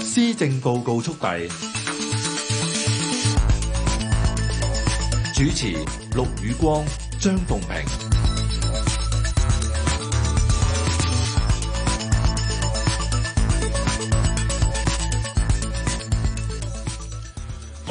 施政報告速遞，主持陸宇光、張鳳平。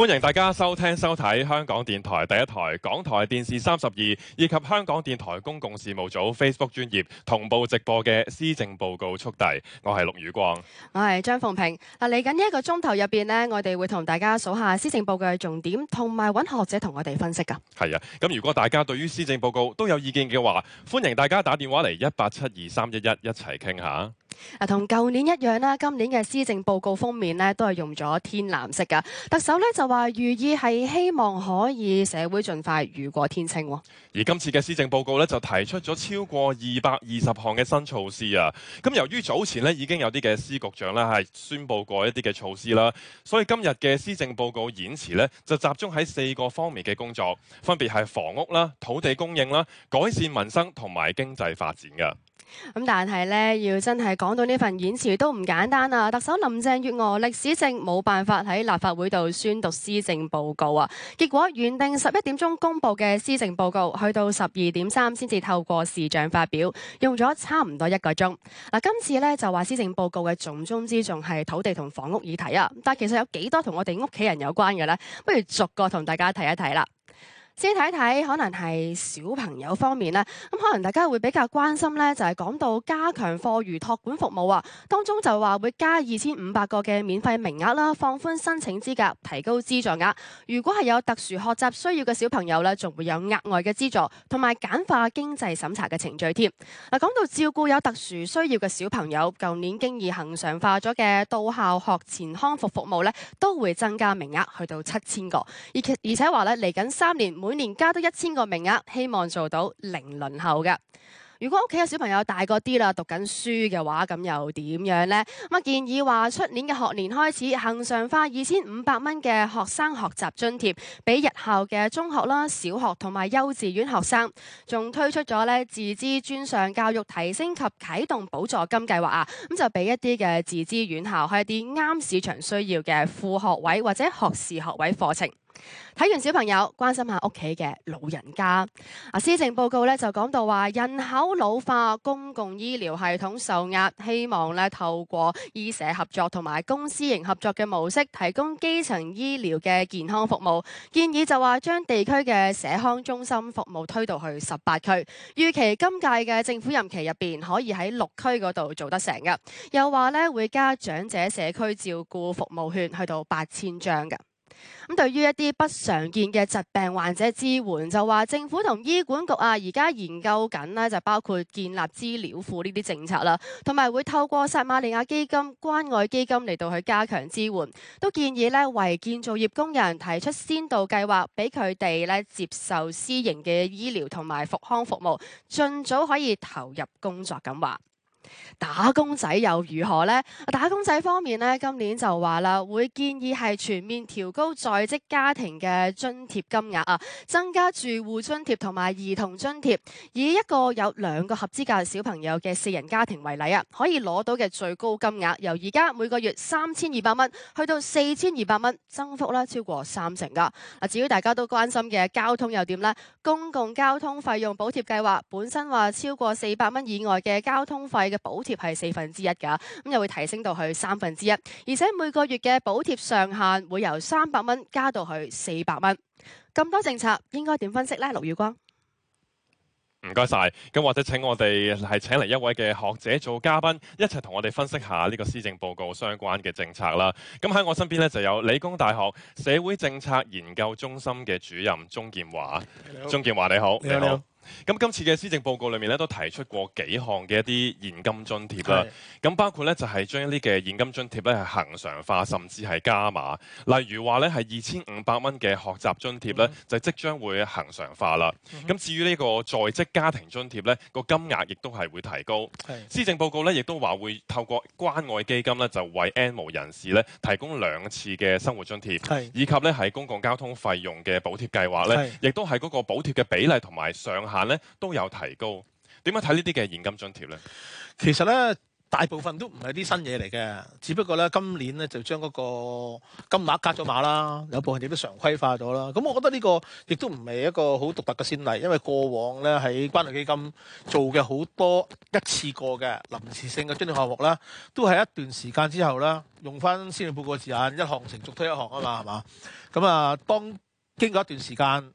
歡迎大家收聽收睇香港電台第一台、港台電視三十二以及香港電台公共事務組 Facebook 專頁同步直播嘅施政報告速遞。我係陸宇光，我係張鳳平。嗱、啊，嚟緊呢一個鐘頭入邊我哋會同大家數下施政報告嘅重點，同埋揾學者同我哋分析噶。係啊，咁如果大家對於施政報告都有意見嘅話，歡迎大家打電話嚟一八七二三一一一齊傾下。啊，同舊年一樣啦，今年嘅施政報告封面咧都係用咗天藍色噶。特首咧就話寓意係希望可以社會盡快雨過天青。而今次嘅施政報告咧就提出咗超過二百二十項嘅新措施啊。咁由於早前呢已經有啲嘅司局長咧係宣布過一啲嘅措施啦，所以今日嘅施政報告演詞呢，就集中喺四個方面嘅工作，分別係房屋啦、土地供應啦、改善民生同埋經濟發展噶。咁但係咧，要真係講到呢份演辭，都唔簡單啊！特首林鄭月娥歷史性冇辦法喺立法會度宣讀施政報告啊！結果原定十一點鐘公布嘅施政報告，去到十二點三先至透過視像發表，用咗差唔多一個鐘。嗱，今次咧就話施政報告嘅重中之重係土地同房屋議題啊！但其實有幾多同我哋屋企人有關嘅呢？不如逐個同大家睇一睇啦。先睇睇，可能係小朋友方面啦，咁可能大家會比較關心咧，就係講到加強課餘托管服務啊，當中就話會加二千五百個嘅免費名額啦，放寬申請資格，提高資助額，如果係有特殊學習需要嘅小朋友咧，仲會有額外嘅資助，同埋簡化經濟審查嘅程序添。嗱，講到照顧有特殊需要嘅小朋友，舊年經已恒常化咗嘅到校學前康復服務咧，都會增加名額去到七千個，而且而且話咧，嚟緊三年每每年加多一千個名額，希望做到零輪候嘅。如果屋企有小朋友大個啲啦，讀緊書嘅話，咁又點樣呢？咁啊建議話，出年嘅學年開始，恆常化二千五百蚊嘅學生學習津貼，俾日校嘅中學啦、小學同埋幼稚園學生。仲推出咗自資專上教育提升及啟動補助金計劃啊，咁就俾一啲嘅自資院校開一啲啱市場需要嘅副學位或者學士學位課程。睇完小朋友，關心下屋企嘅老人家。啊，施政報告咧就講到話人口老化，公共醫療系統受壓，希望咧透過醫社合作同埋公私營合作嘅模式，提供基層醫療嘅健康服務。建議就話將地區嘅社康中心服務推到去十八區，預期今屆嘅政府任期入邊可以喺六區嗰度做得成嘅。又話咧會加長者社區照顧服務券去到八千張嘅。咁、嗯、對於一啲不常見嘅疾病患者支援，就話政府同醫管局啊，而家研究緊呢，就包括建立資料庫呢啲政策啦，同埋會透過撒瑪利亞基金關愛基金嚟到去加強支援，都建議呢為建造業工人提出先導計劃，俾佢哋呢接受私營嘅醫療同埋復康服務，盡早可以投入工作咁話。打工仔又如何呢？打工仔方面呢？今年就話啦，會建議係全面調高在職家庭嘅津貼金額啊，增加住戶津貼同埋兒童津貼，以一個有兩個合資格嘅小朋友嘅四人家庭為例啊，可以攞到嘅最高金額由而家每個月三千二百蚊去到四千二百蚊，增幅啦超過三成噶。嗱，至於大家都關心嘅交通又點呢？公共交通費用補貼計劃本身話超過四百蚊以外嘅交通費。嘅補貼係四分之一㗎，咁又會提升到去三分之一，而且每個月嘅補貼上限會由三百蚊加到去四百蚊。咁多政策應該點分析呢？陸宇光，唔該晒。咁或者請我哋係請嚟一位嘅學者做嘉賓，一齊同我哋分析下呢個施政報告相關嘅政策啦。咁喺我身邊呢，就有理工大學社會政策研究中心嘅主任鐘建華。好鐘建華你好，你好，你好。咁今次嘅施政報告裏面咧，都提出過幾項嘅一啲現金津貼啦。咁是包括咧就係、是、將呢啲嘅現金津貼咧係恆常化，甚至係加碼。例如話咧係二千五百蚊嘅學習津貼咧，嗯、就即將會恆常化啦。咁、嗯、哼至於呢個在職家庭津貼咧，個金額亦都係會提高。是施政報告咧亦都話會透過關愛基金咧，就為 N 無人士咧提供兩次嘅生活津貼，是以及咧喺公共交通費用嘅補貼計劃咧，亦都係嗰個補貼嘅比例同埋上限。行咧都有提高，點樣睇呢啲嘅現金津貼咧？其實咧，大部分都唔係啲新嘢嚟嘅，只不過咧今年咧就將嗰個金額加咗碼啦，有部分亦都常規化咗啦。咁我覺得呢個亦都唔係一個好獨特嘅先例，因為過往咧喺關愛基金做嘅好多一次過嘅臨時性嘅津貼項目啦，都係一段時間之後啦，用翻先半個字眼一行成熟推一行啊嘛，係嘛？咁啊，當經過一段時間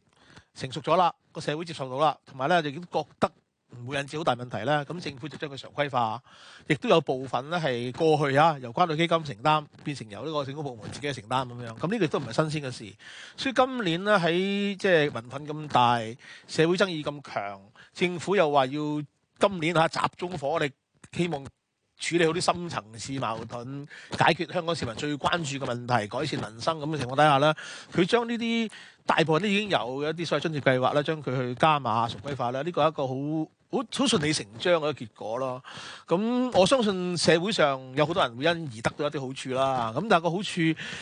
成熟咗啦。個社會接受到啦，同埋咧就已經覺得唔會引致好大問題啦。咁政府就將佢常規化，亦都有部分咧係過去啊由關愛基金承擔，變成由呢個政府部門自己承擔咁樣。咁呢個都唔係新鮮嘅事。所以今年呢，喺即係民憤咁大、社會爭議咁強，政府又話要今年嚇集中火力，希望處理好啲深層次矛盾，解決香港市民最關注嘅問題，改善民生咁嘅情況底下呢，佢將呢啲。大部分都已經有一啲所謂津貼計劃啦，將佢去加碼熟規化啦，呢個係一個好好好順理成章嘅一個結果咯。咁我相信社會上有好多人會因而得到一啲好處啦。咁但係個好處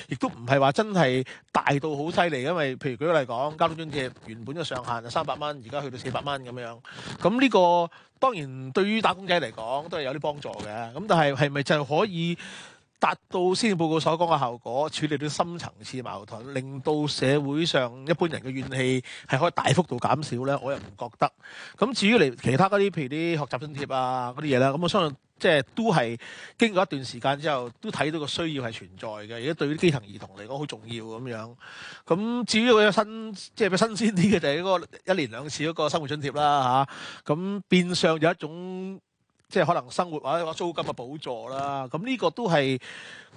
亦都唔係話真係大到好犀利，因為譬如舉例講，交通津貼原本嘅上限就三百蚊，而家去到四百蚊咁樣。咁呢個當然對於打工仔嚟講都係有啲幫助嘅。咁但係係咪就可以？達到施政報告所講嘅效果，處理到深層次矛盾，令到社會上一般人嘅怨氣係可以大幅度減少咧，我又唔覺得。咁至於嚟其他嗰啲，譬如啲學習津貼啊嗰啲嘢啦，咁我相信即係都係經過一段時間之後，都睇到個需要係存在嘅，而家對於啲基層兒童嚟講好重要咁樣。咁至於嗰新即係咩新鮮啲嘅就係嗰個一年兩次嗰個生活津貼啦吓，咁變相有一種。即係可能生活或者個租金嘅補助啦，咁呢個都係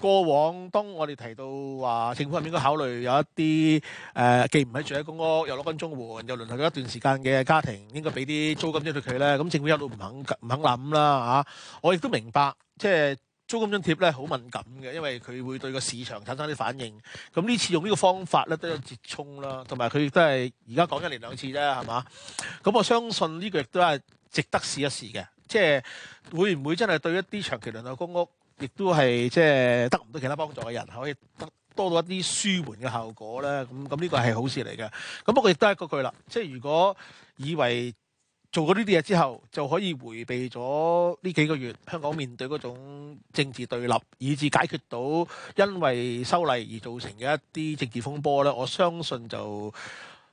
過往當我哋提到話政府係咪應該考慮有一啲誒、呃，既唔係住喺公屋，又攞緊綜援，又輪候咗一段時間嘅家庭，應該俾啲租金津貼佢咧。咁政府一路唔肯唔肯諗啦嚇、啊，我亦都明白，即、就、係、是、租金津貼咧好敏感嘅，因為佢會對個市場產生啲反應。咁呢次用呢個方法咧都有折衷啦，同埋佢亦都係而家講一年兩次啫，係嘛？咁我相信呢個亦都係值得試一試嘅。即係會唔會真係對一啲長期輪候公屋，亦都係即係得唔到其他幫助嘅人，可以得多到一啲舒緩嘅效果呢？咁咁呢個係好事嚟嘅。咁不過亦都係一個句啦，即係如果以為做過呢啲嘢之後就可以迴避咗呢幾個月香港面對嗰種政治對立，以至解決到因為修例而造成嘅一啲政治風波呢。我相信就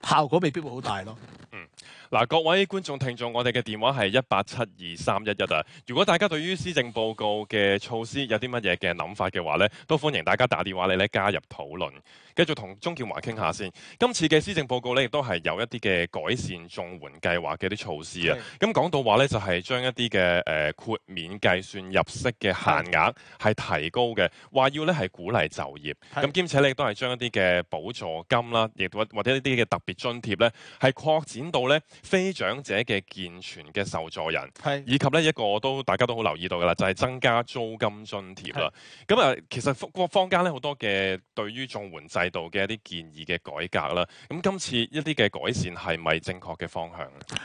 效果未必會好大咯。嗯，嗱，各位觀眾聽眾，我哋嘅電話係一八七二三一一啊。如果大家對於施政報告嘅措施有啲乜嘢嘅諗法嘅話咧，都歡迎大家打電話嚟咧加入討論，繼續同鍾建華傾下先。今次嘅施政報告咧，亦都係有一啲嘅改善綜援計劃嘅啲措施啊。咁講是的 到話咧，就係、是、將一啲嘅誒豁免計算入息嘅限額係提高嘅，話，要咧係鼓勵就業。咁是的 兼且咧亦都係將一啲嘅補助金啦，亦或或者一啲嘅特別。津貼咧係擴展到咧非長者嘅健全嘅受助人，係是以及咧一個我都大家都好留意到嘅啦，就係、是、增加租金津貼啦。咁啊是，其實坊間咧好多嘅對於綜援制度嘅一啲建議嘅改革啦，咁今次一啲嘅改善係咪正確嘅方向咧？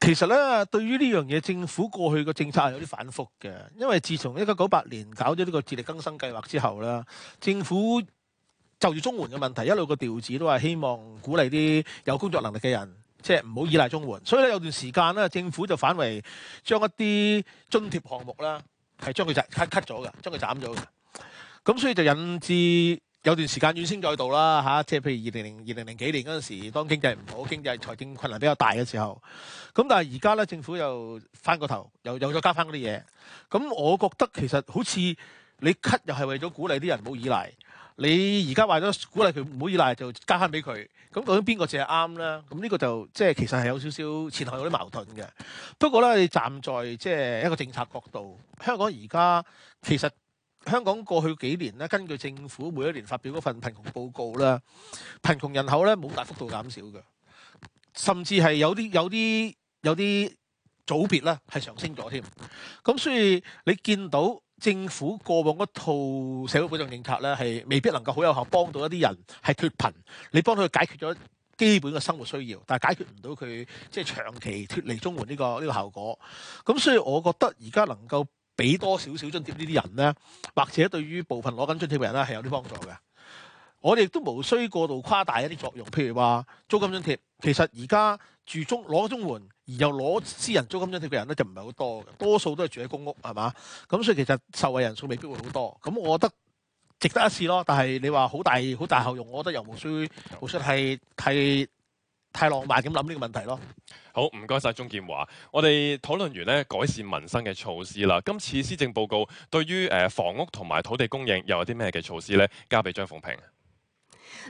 其實咧，對於呢樣嘢，政府過去嘅政策係有啲反覆嘅，因為自從一九九八年搞咗呢個自力更生計劃之後啦，政府。就住綜援嘅問題，一路個調子都話希望鼓勵啲有工作能力嘅人，即係唔好依賴綜援。所以咧有段時間咧，政府就反為將一啲津貼項目啦，係將佢就 cut 咗嘅，將佢斬咗嘅。咁所以就引致有段時間怨聲載道啦吓，即係譬如二零零二零零幾年嗰陣時，當經濟唔好、經濟財政困難比較大嘅時候。咁但係而家咧，政府又翻過頭又又再加翻啲嘢。咁我覺得其實好似你 cut 又係為咗鼓勵啲人唔好依賴。你而家為咗鼓勵佢唔好依賴，就加翻俾佢。咁究竟邊個淨係啱咧？咁呢個就即係其實係有少少前後有啲矛盾嘅。不過咧，你站在即係一個政策角度，香港而家其實香港過去幾年咧，根據政府每一年發表嗰份貧窮報告咧，貧窮人口咧，冇大幅度減少嘅，甚至係有啲有啲有啲組別咧係上升咗添。咁所以你見到。政府過往一套社會保障政策咧，係未必能夠好有效幫到一啲人係脱貧。你幫佢解決咗基本嘅生活需要，但係解決唔到佢即係長期脱離綜援呢、呢個呢、呢個效果。咁所以我覺得而家能夠俾多少少津貼呢啲人咧，或者對於部分攞緊津貼嘅人咧係有啲幫助嘅。我哋亦都無需過度誇大一啲作用。譬如話租金津貼，其實而家住綜攞綜援，而又攞私人租金津貼嘅人咧，就唔係好多嘅，多數都係住喺公屋，係嘛？咁所以其實受惠人數未必會好多。咁我覺得值得一試咯。但係你話好大好大效用，我覺得又無需無需係係太浪漫咁諗呢個問題咯。好，唔該晒。鍾建華。我哋討論完咧改善民生嘅措施啦。今次施政報告對於誒房屋同埋土地供應又有啲咩嘅措施咧？交俾張鳳平。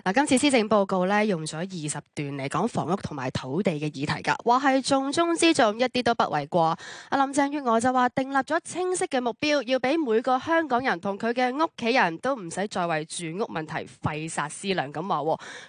嗱，今次施政報告咧用咗二十段嚟講房屋同埋土地嘅議題噶，話係重中之重一啲都不為過。阿林鄭月娥就話訂立咗清晰嘅目標，要俾每個香港人同佢嘅屋企人都唔使再為住屋問題費煞思量。咁話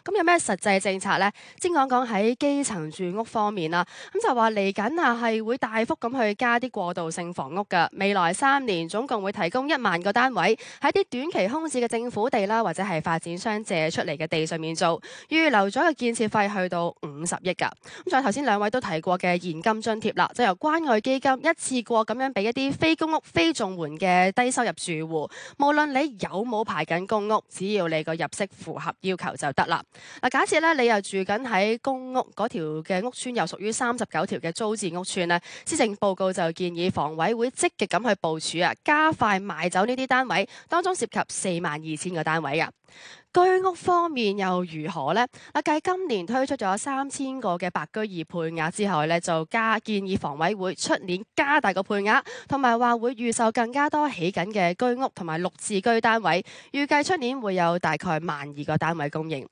咁有咩實際政策呢？先講講喺基層住屋方面啦，咁就話嚟緊啊係會大幅咁去加啲過渡性房屋噶，未來三年總共會提供一萬個單位喺啲短期空置嘅政府地啦，或者係發展商借出，出嚟嘅地上面做，預留咗嘅建設費去到五十億噶。咁再頭先兩位都提過嘅現金津貼啦，就由關愛基金一次過咁樣俾一啲非公屋、非綜援嘅低收入住戶，無論你有冇排緊公屋，只要你個入息符合要求就得啦。嗱，假設咧你又住緊喺公屋嗰條嘅屋邨，又屬於三十九條嘅租置屋邨呢，施政報告就建議房委會積極咁去部署啊，加快賣走呢啲單位，當中涉及四萬二千個單位噶。居屋方面又如何呢？啊，計今年推出咗三千個嘅白居二配額之後呢，就加建議房委會出年加大個配額，同埋話會預售更加多起緊嘅居屋同埋六字居單位，預計出年會有大概萬二個單位供應。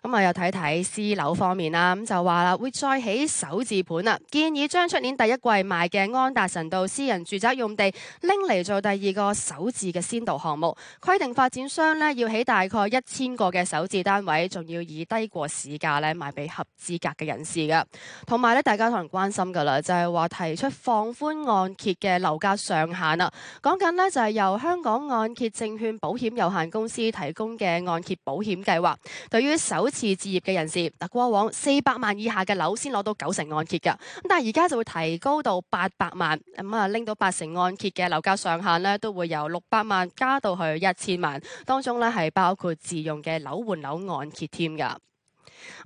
咁啊，又睇睇私樓方面啦，咁就話啦，會再起首字盤啦，建議將出年第一季賣嘅安達臣道私人住宅用地拎嚟做第二個首字嘅先導項目，規定發展商呢要起大概一千個嘅首置單位，仲要以低過市價咧賣俾合資格嘅人士嘅。同埋咧大家可能關心嘅啦，就係話提出放寬按揭嘅樓價上限啦。講緊呢，就係由香港按揭證券保險有限公司提供嘅按揭保險計劃，對於首次置業嘅人士，嗱過往四百萬以下嘅樓先攞到九成按揭嘅，咁但係而家就會提高到八百萬，咁啊拎到八成按揭嘅樓價上限呢，都會由六百萬加到去一千萬，當中呢，係包括自用嘅樓換樓按揭添噶。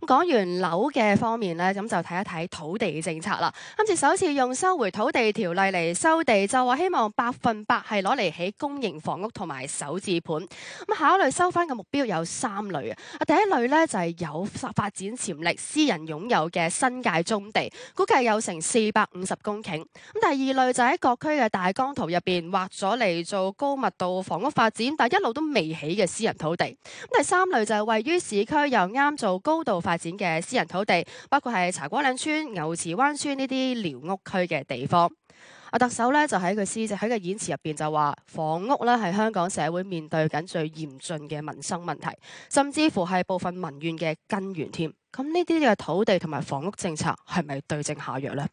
講完樓嘅方面呢，咁就睇一睇土地政策啦。今次首次用收回土地條例嚟收地，就話希望百分百係攞嚟起公營房屋同埋首置盤。咁考慮收翻嘅目標有三類啊，第一類呢，就係有發展潛力、私人擁有嘅新界棕地，估計有成四百五十公頃。咁第二類就喺各區嘅大綱圖入邊劃咗嚟做高密度房屋發展，但一路都未起嘅私人土地。咁第三類就係位於市區又啱做高。高度發展嘅私人土地，包括係茶果嶺村、牛池灣村呢啲寮屋區嘅地方。阿特首咧就喺佢施政報告嘅演辭入邊就話，房屋咧係香港社會面對緊最嚴峻嘅民生問題，甚至乎係部分民怨嘅根源添。咁呢啲嘅土地同埋房屋政策係咪對症下藥呢？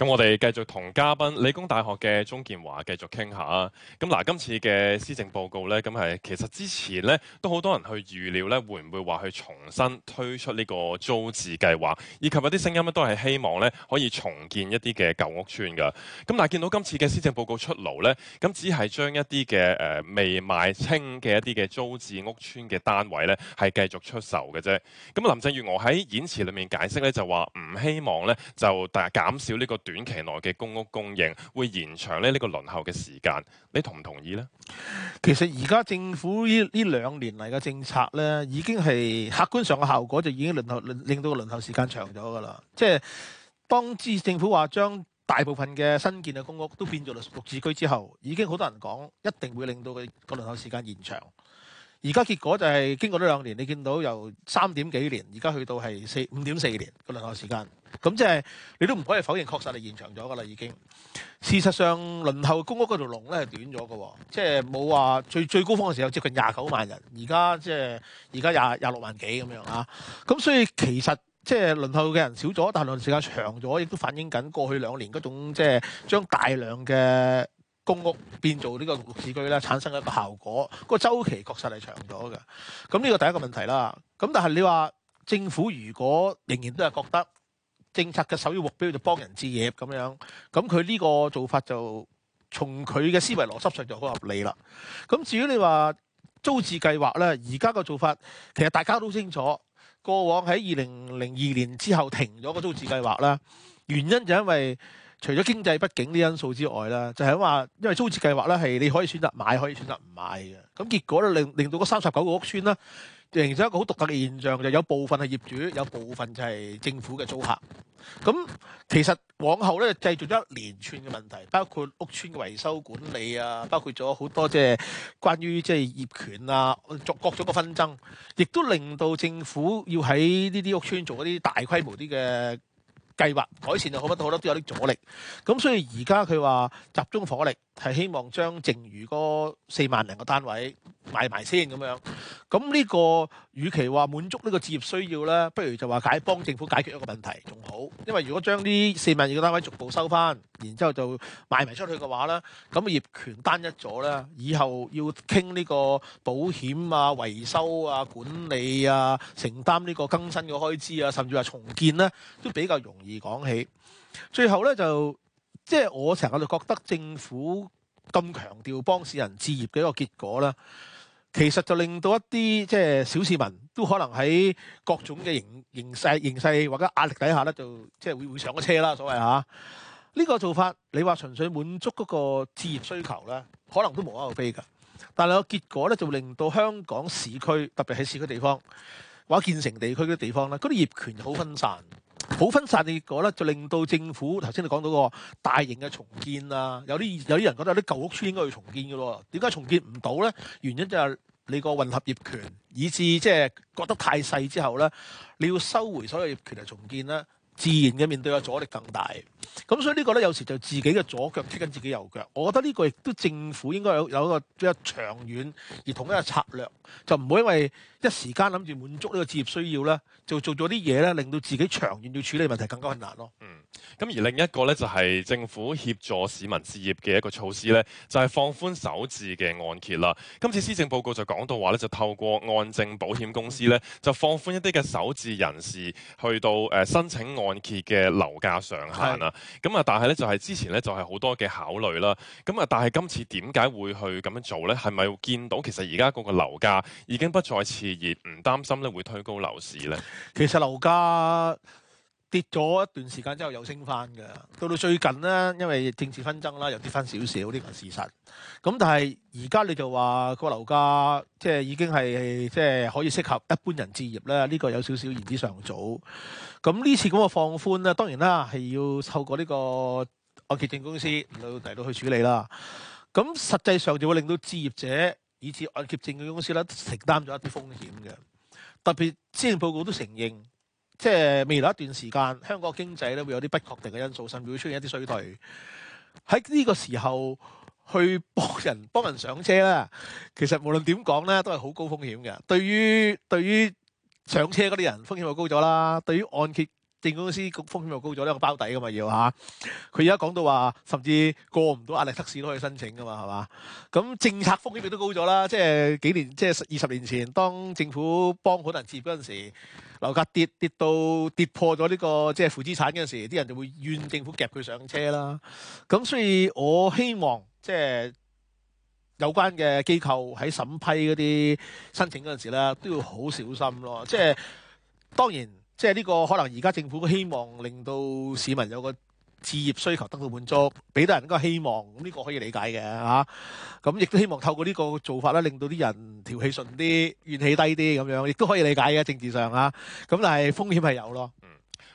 咁我哋繼續同嘉賓理工大學嘅鍾建華繼續傾下啊！咁嗱，今次嘅施政報告咧，咁係其實之前咧都好多人去預料咧，會唔會話去重新推出呢個租置計劃，以及一啲聲音，咧都係希望咧可以重建一啲嘅舊屋邨嘅。咁但係見到今次嘅施政報告出爐咧，咁只係將一啲嘅誒未賣清嘅一啲嘅租置屋邨嘅單位咧係繼續出售嘅啫。咁林鄭月娥喺演辭裏面解釋咧就話唔希望咧就大減少呢個。短期內嘅公屋供應會延長呢，呢個輪候嘅時間，你同唔同意呢？其實而家政府呢呢兩年嚟嘅政策呢，已經係客觀上嘅效果就已經輪候輪令到個輪候時間長咗噶啦。即係當知政府話將大部分嘅新建嘅公屋都變做綠置居之後，已經好多人講一定會令到佢個輪候時間延長。而家結果就係經過咗兩年，你見到由三點幾年，而家去到係四五點四年個輪候時間，咁即係你都唔可以否認，確實係延長咗㗎啦。已經事實上輪候公屋嗰條龍咧係短咗㗎喎，即係冇話最最高峰嘅時候接近廿九萬人，而家即係而家廿廿六萬幾咁樣啊。咁所以其實即係輪候嘅人少咗，但係輪候時間長咗，亦都反映緊過去兩年嗰種即係將大量嘅。公屋變做呢個綠置居啦，產生一個效果，個周期確實係長咗嘅。咁呢個第一個問題啦。咁但係你話政府如果仍然都係覺得政策嘅首要目標就幫人置業咁樣，咁佢呢個做法就從佢嘅思維邏輯上就好合理啦。咁至於你話租置計劃呢，而家個做法其實大家都清楚，過往喺二零零二年之後停咗個租置計劃啦，原因就因為。除咗經濟不景啲因素之外啦，就係話因為租置計劃咧係你可以選擇買，可以選擇唔買嘅。咁結果咧令令到嗰三十九個屋邨咧形成一個好獨特嘅現象，就有部分係業主，有部分就係政府嘅租客。咁其實往後咧製造咗一連串嘅問題，包括屋邨嘅維修管理啊，包括咗好多即係關於即係業權啊，逐各咗個紛爭，亦都令到政府要喺呢啲屋邨做一啲大規模啲嘅。計劃改善就好，乜好多都有啲阻力。咁所以而家佢話集中火力，係希望將剩餘嗰四萬零個單位賣埋先咁樣，咁呢個與其話滿足呢個置業需要咧，不如就話解幫政府解決一個問題仲好。因為如果將呢四萬二個單位逐步收翻，然之後就賣埋出去嘅話咧，咁業權單一咗咧，以後要傾呢個保險啊、維修啊、管理啊、承擔呢個更新嘅開支啊，甚至話重建咧、啊，都比較容易。而，而講起，最後咧就即係、就是、我成日就覺得政府咁強調幫市人置業嘅一個結果啦，其實就令到一啲即係小市民都可能喺各種嘅形形勢形勢或者壓力底下咧，就即係、就是、會會上咗車啦，所謂嚇呢、啊這個做法，你話純粹滿足嗰個置業需求咧，可能都無可厚非㗎，但係個結果咧就令到香港市區特別喺市區地方或者建成地區嘅地方咧，嗰啲業權好分散。好分散嘅結果咧，就令到政府頭先你講到個大型嘅重建啊，有啲有啲人覺得有啲舊屋村應該要重建嘅喎，點解重建唔到咧？原因就係你個混合業權，以至即係覺得太細之後咧，你要收回所有業權嚟重建咧，自然嘅面對嘅阻力更大。咁所以呢個呢，有時就自己嘅左腳踢緊自己右腳。我覺得呢個亦都政府應該有有一個比較長遠而同一嘅策略，就唔好因為一時間諗住滿足呢個置業需要呢，就做咗啲嘢呢，令到自己長遠要處理問題更加困難咯。咁、嗯、而另一個呢，就係政府協助市民置業嘅一個措施呢，就係、是、放寬首置嘅按揭啦。今次施政報告就講到話呢，就透過按證保險公司呢，就放寬一啲嘅首置人士去到誒、呃、申請按揭嘅樓價上限啦。咁啊，但係呢，就係之前呢，就係好多嘅考慮啦。咁啊，但係今次點解會去咁樣做呢？係咪見到其實而家嗰個樓價已經不再熾熱，唔擔心呢會推高樓市呢？其實樓價。跌咗一段時間之後又升翻嘅，到到最近呢，因為政治紛爭啦，又跌翻少少，呢個事實。咁但係而家你就話個樓價即係已經係即係可以適合一般人置業啦，呢個有少少言之尚早。咁呢次咁嘅放寬咧，當然啦，係要透過呢個按揭證公司嚟到去處理啦。咁實際上就會令到置業者以至按揭證嘅公司咧承擔咗一啲風險嘅，特別之前報告都承認。即係未來一段時間，香港經濟咧會有啲不確定嘅因素，甚至會出現一啲衰退。喺呢個時候去幫人幫人上車啦，其實無論點講咧，都係好高風險嘅。對於對於上車嗰啲人，風險又高咗啦。對於按揭證公司，風險又高咗，呢個包底噶嘛要嚇。佢而家講到話，甚至過唔到壓力測試都可以申請噶嘛，係嘛？咁政策風險亦都高咗啦。即係幾年，即係二十年前，當政府幫好多人置業嗰陣時候。樓價跌，跌到跌破咗呢個即係負資產嗰陣時，啲人就會怨政府夾佢上車啦。咁所以我希望即係有關嘅機構喺審批嗰啲申請嗰陣時咧，都要好小心咯。即係當然，即係呢個可能而家政府希望令到市民有個置業需求得到滿足，俾到人一個希望，咁呢個可以理解嘅嚇。咁亦都希望透過呢個做法咧，令到啲人調氣順啲，怨氣低啲咁樣，亦都可以理解嘅政治上嚇。咁但係風險係有咯。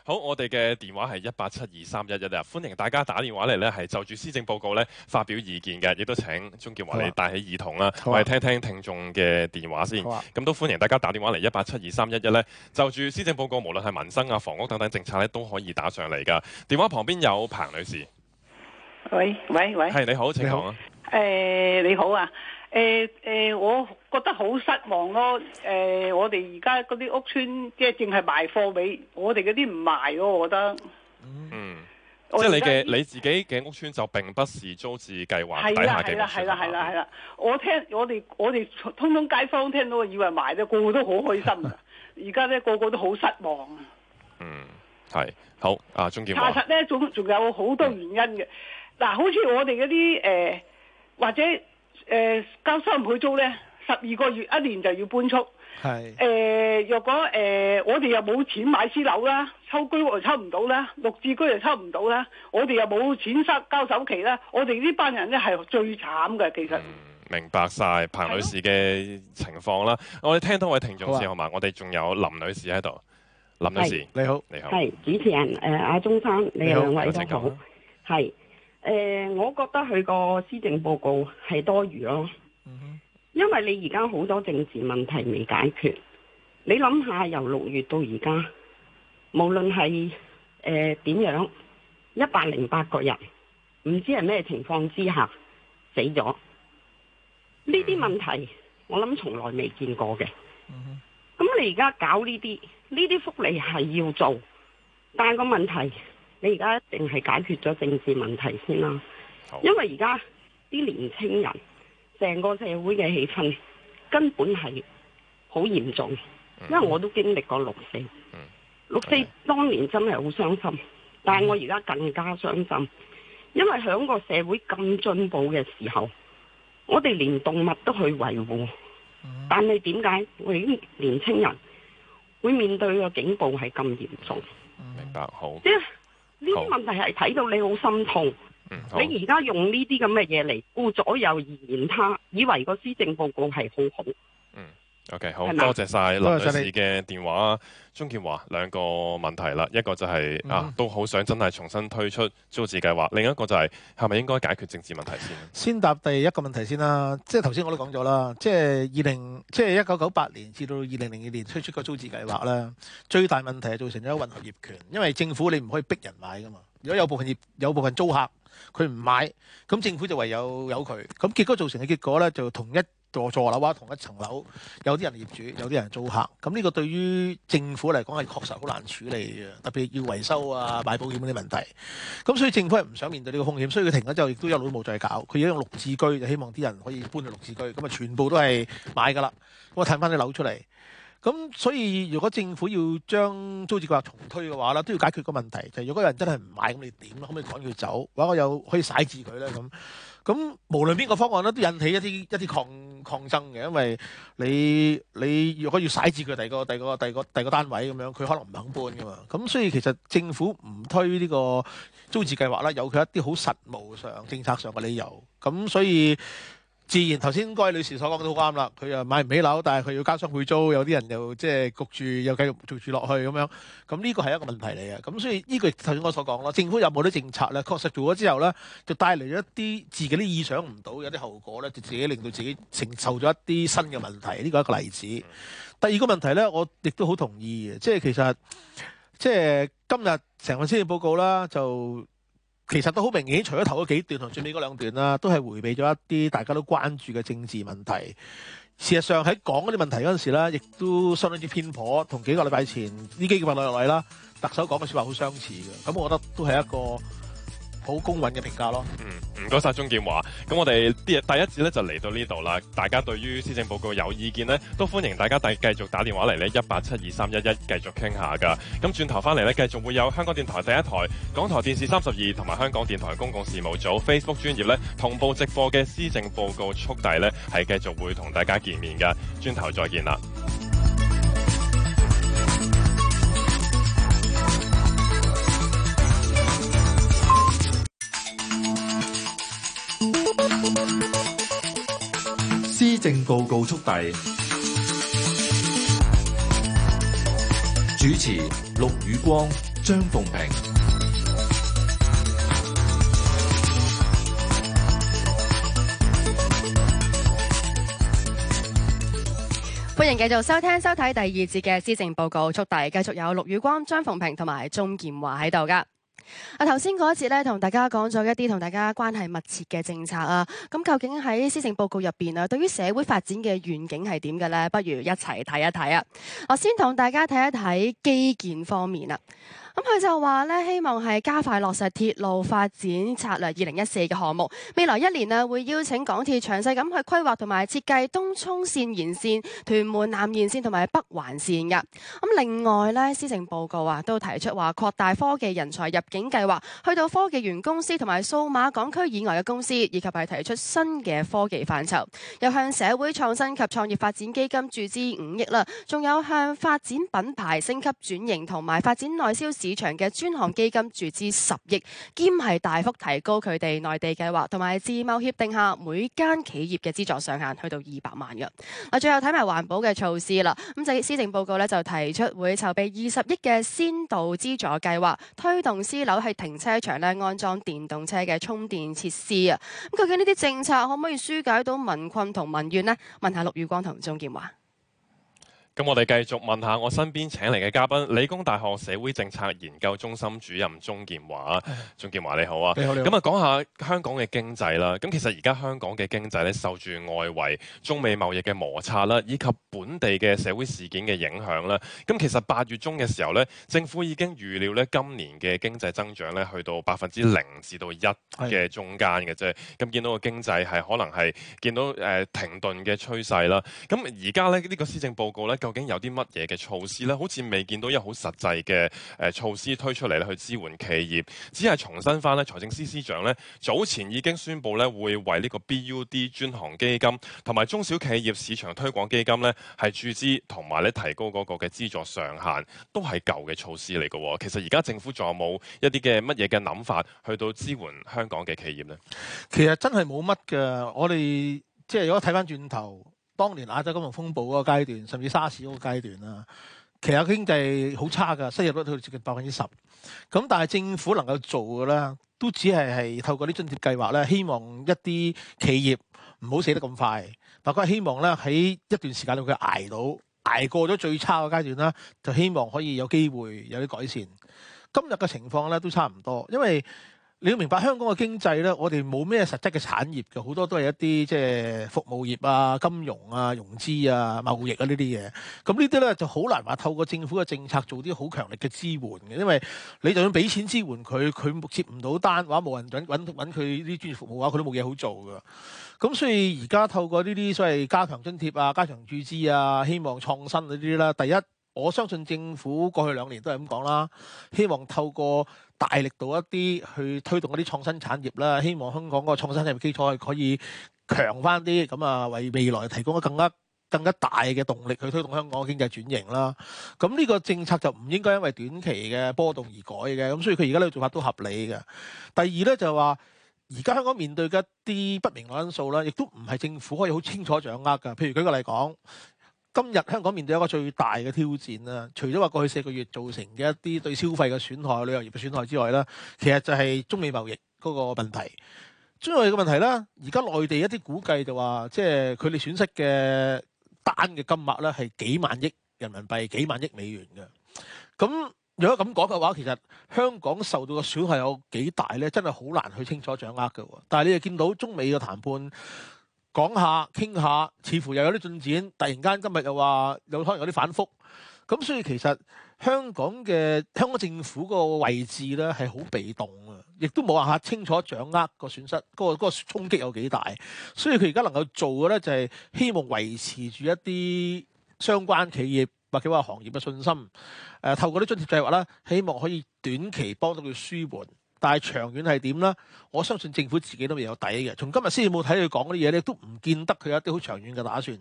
好，我哋嘅電話係一八七二三一一啊，歡迎大家打電話嚟咧，係就住施政報告咧發表意見嘅，亦都請鍾建華你帶起耳筒啦、啊，啊、我哋聽聽聽眾嘅電話先。咁、啊、都歡迎大家打電話嚟一八七二三一一咧，就住施政報告，無論係民生啊、房屋等等政策咧，都可以打上嚟噶。電話旁邊有彭女士。喂喂喂，係你好，請講啊。誒、呃、你好啊！誒、呃、誒、呃，我覺得好失望咯！誒、呃，我哋而家嗰啲屋村，即係淨係賣貨俾我哋嗰啲唔賣咯，我覺得。嗯，即係你嘅你自己嘅屋村就並不是租置計劃底下嘅。係啦係啦係啦係啦！我聽我哋我哋通通街坊聽到以為賣得，個個都好開心啊！而家咧個個都好失望。嗯，係好啊，鍾劍華。查實咧，仲仲有好多原因嘅。嗱、嗯啊，好似我哋嗰啲誒、呃或者誒、呃、交唔倍租咧，十二個月一年就要搬出。係誒是、呃，若果誒、呃，我哋又冇錢買私樓啦，抽居屋又抽唔到啦，綠置居又抽唔到啦，我哋又冇錢塞交首期啦，我哋呢班人咧係最慘嘅其實。嗯、明白晒彭女士嘅情況啦。的我哋聽到位聽眾先好嘛。好啊、我哋仲有林女士喺度。林女士，是你好，你好。係主持人誒，阿、呃、鍾生，你有兩位都好。係。誒、呃，我覺得佢個施政報告係多餘咯，哦，mm hmm. 因為你而家好多政治問題未解決。你諗下，由六月到而家，無論係誒點樣，一百零八個人唔知係咩情況之下死咗，呢啲問題我諗從來未見過嘅。咁、mm hmm. 你而家搞呢啲，呢啲福利係要做，但係個問題。你而家一定係解決咗政治問題先啦，好因為而家啲年青人，成個社會嘅氣氛根本係好嚴重，嗯、因為我都經歷過六四，嗯、六四當年真係好傷心，的但係我而家更加傷心，嗯、因為響個社會咁進步嘅時候，我哋連動物都去維護，嗯、但係點解我哋年青人會面對個警暴係咁嚴重？明白好。即係。呢啲好問題係睇到你好心痛，嗯、你而家用呢啲咁嘅嘢嚟顧左右而言他，以為個施政報告係好好。嗯 OK，好多謝曬林女士嘅電話，鍾建華兩個問題啦，一個就係、是嗯、啊，都好想真係重新推出租置計劃，另一個就係係咪應該解決政治問題先？先答第一個問題先啦，即係頭先我都講咗啦，即係二零，即係一九九八年至到二零零二年推出個租置計劃咧，最大問題係造成咗混合業權，因為政府你唔可以逼人買噶嘛，如果有部分業，有部分租客佢唔買，咁政府就唯有有佢，咁結果造成嘅結果咧就同一。座座樓啊，同一層樓有啲人業主，有啲人租客，咁呢個對於政府嚟講係確實好難處理嘅，特別要維修啊、買保險啲問題。咁所以政府係唔想面對呢個風險，所以佢停咗之後，亦都一路都冇再搞。佢而家用綠置居，就希望啲人可以搬去綠置居。咁啊，全部都係買㗎啦。我睇翻啲樓出嚟，咁所以如果政府要將租置計劃重推嘅話呢，都要解決個問題，就係，如果有人真係唔買，咁你點啦？可唔可以趕佢走？或者我又可以使字佢咧？咁咁無論邊個方案都引起一啲一啲抗。抗爭嘅，因為你你如果要徙置佢第二個第二個第二個第二個單位咁樣，佢可能唔肯搬㗎嘛。咁所以其實政府唔推呢個租置計劃啦，有佢一啲好實務上政策上嘅理由。咁所以。自然，頭先嗰位女士所講都啱啦。佢又買唔起樓，但係佢要加雙倍租，有啲人又即係焗住，又繼續做住落去咁樣。咁呢個係一個問題嚟嘅。咁所以呢個頭先我所講咯，政府有冇啲政策咧？確實做咗之後咧，就帶嚟咗一啲自己都意想唔到有啲後果咧，就自己令到自己承受咗一啲新嘅問題。呢個一個例子。第二個問題咧，我亦都好同意嘅，即係其實即係今日成份施政報告啦，就。其實都好明顯，除咗頭嗰幾段同最尾嗰兩段啦，都係迴避咗一啲大家都關注嘅政治問題。事實上喺講嗰啲問題嗰陣時咧，亦都相當之偏頗，同幾個禮拜前呢幾個問題落嚟啦，特首講嘅説話好相似嘅。咁我覺得都係一個。好公允嘅評價咯。嗯，唔該晒，鍾建華。咁我哋啲第一節咧就嚟到呢度啦。大家對於施政報告有意見呢，都歡迎大家第繼續打電話嚟呢一八七二三一一繼續傾下噶。咁轉頭翻嚟呢，繼續會有香港電台第一台、港台電視三十二同埋香港電台公共事務組 Facebook 專頁呢同步直播嘅施政報告速遞呢係繼續會同大家見面㗎。轉頭再見啦。政報告速遞，主持陸宇光、張鳳平，歡迎繼續收聽收睇第二節嘅施政報告速遞，繼續有陸宇光、張鳳平同埋鍾劍華喺度㗎。啊！頭先嗰一節咧，同大家講咗一啲同大家關係密切嘅政策啊。咁究竟喺施政報告入面啊，對於社會發展嘅願景係點嘅呢？不如一齊睇一睇啊！我先同大家睇一睇基建方面啊。咁佢、嗯、就話咧，希望係加快落實鐵路發展策略二零一四嘅項目。未來一年啊，會邀請港鐵詳細咁去規劃同埋設計東涌綫延綫、屯門南延綫同埋北環綫嘅。咁、嗯、另外咧，施政報告啊，都提出話擴大科技人才入境計劃，去到科技園公司同埋數碼港區以外嘅公司，以及係提出新嘅科技範疇。又向社會創新及創業發展基金注資五億啦，仲有向發展品牌升級轉型同埋發展內銷，市場嘅專項基金注資十億，兼係大幅提高佢哋內地計劃，同埋自貿協定下每間企業嘅資助上限去到二百萬嘅。嗱，最後睇埋環保嘅措施啦。咁就施政報告咧，就提出會籌備二十億嘅先導資助計劃，推動私樓喺停車場咧安裝電動車嘅充電設施啊。咁究竟呢啲政策可唔可以疏解到民困同民怨呢？問下陸宇光同鐘建華。咁我哋繼續問下我身邊請嚟嘅嘉賓，理工大學社會政策研究中心主任鍾建華，鍾唉建華你好啊，你好你好。咁啊講下香港嘅經濟啦，咁其實而家香港嘅經濟咧受住外圍中美貿易嘅摩擦啦，以及本地嘅社會事件嘅影響啦。咁其實八月中嘅時候咧，政府已經預料咧今年嘅經濟增長咧去到百分之零至到一嘅中間嘅啫。咁的見到個經濟係可能係見到誒、呃、停頓嘅趨勢啦。咁而家咧呢、這個施政報告咧。究竟有啲乜嘢嘅措施呢？好似未見到一好實際嘅誒措施推出嚟咧，去支援企業，只係重新翻咧。財政司司長咧早前已經宣布咧，會為呢個 BUD 專項基金同埋中小企業市場推廣基金咧，係注資同埋咧提高嗰個嘅資助上限，都係舊嘅措施嚟嘅。其實而家政府仲有冇一啲嘅乜嘢嘅諗法去到支援香港嘅企業呢？其實真係冇乜嘅。我哋即係如果睇翻轉頭。當年亞洲金融風暴嗰個階段，甚至沙士嗰個階段啦，其實經濟好差㗎，失業率都接近百分之十。咁但係政府能夠做嘅啦，都只係係透過啲津貼計劃啦，希望一啲企業唔好死得咁快，嗱，佢希望咧喺一段時間裏佢捱到捱過咗最差個階段啦，就希望可以有機會有啲改善。今日嘅情況咧都差唔多，因為。你要明白香港嘅經濟咧，我哋冇咩實質嘅產業嘅，好多都係一啲即係服務業啊、金融啊、融資啊、貿易啊呢啲嘢。咁呢啲咧就好難話透過政府嘅政策做啲好強力嘅支援嘅，因為你就算俾錢支援佢，佢接唔到單，話冇人揾揾揾佢啲專業服務嘅話，佢都冇嘢好做㗎。咁所以而家透過呢啲所謂加強津貼啊、加強注資啊、希望創新嗰啲啦，第一。我相信政府過去兩年都係咁講啦，希望透過大力度一啲去推動一啲創新產業啦，希望香港個創新產業基礎係可以強翻啲，咁啊為未來提供一更加更加大嘅動力去推動香港嘅經濟轉型啦。咁呢個政策就唔應該因為短期嘅波動而改嘅，咁所以佢而家呢個做法都合理嘅。第二呢，就係話，而家香港面對嘅一啲不明朗因素啦，亦都唔係政府可以好清楚掌握嘅。譬如舉個例講。今日香港面對一個最大嘅挑戰啊！除咗話過去四個月造成嘅一啲對消費嘅損害、旅遊業嘅損害之外啦，其實就係中美貿易嗰個問題。中美嘅問題呢，而家內地一啲估計就話，即係佢哋損失嘅單嘅金額呢，係幾萬億人民幣、幾萬億美元嘅。咁如果咁講嘅話，其實香港受到嘅損害有幾大呢？真係好難去清楚掌握嘅。但係你又見到中美嘅談判。講下傾下，似乎又有啲進展。突然間今日又話，有可能有啲反覆。咁所以其實香港嘅香港政府個位置呢係好被動啊，亦都冇辦法清楚掌握個損失、嗰個嗰個衝擊有幾大。所以佢而家能夠做嘅呢，就係希望維持住一啲相關企業或者話行業嘅信心。呃，透過啲津貼計劃啦，希望可以短期幫到佢舒緩。但係長遠係點呢？我相信政府自己都未有底嘅。從今日施政報告睇佢講嗰啲嘢咧，都唔見得佢有啲好長遠嘅打算。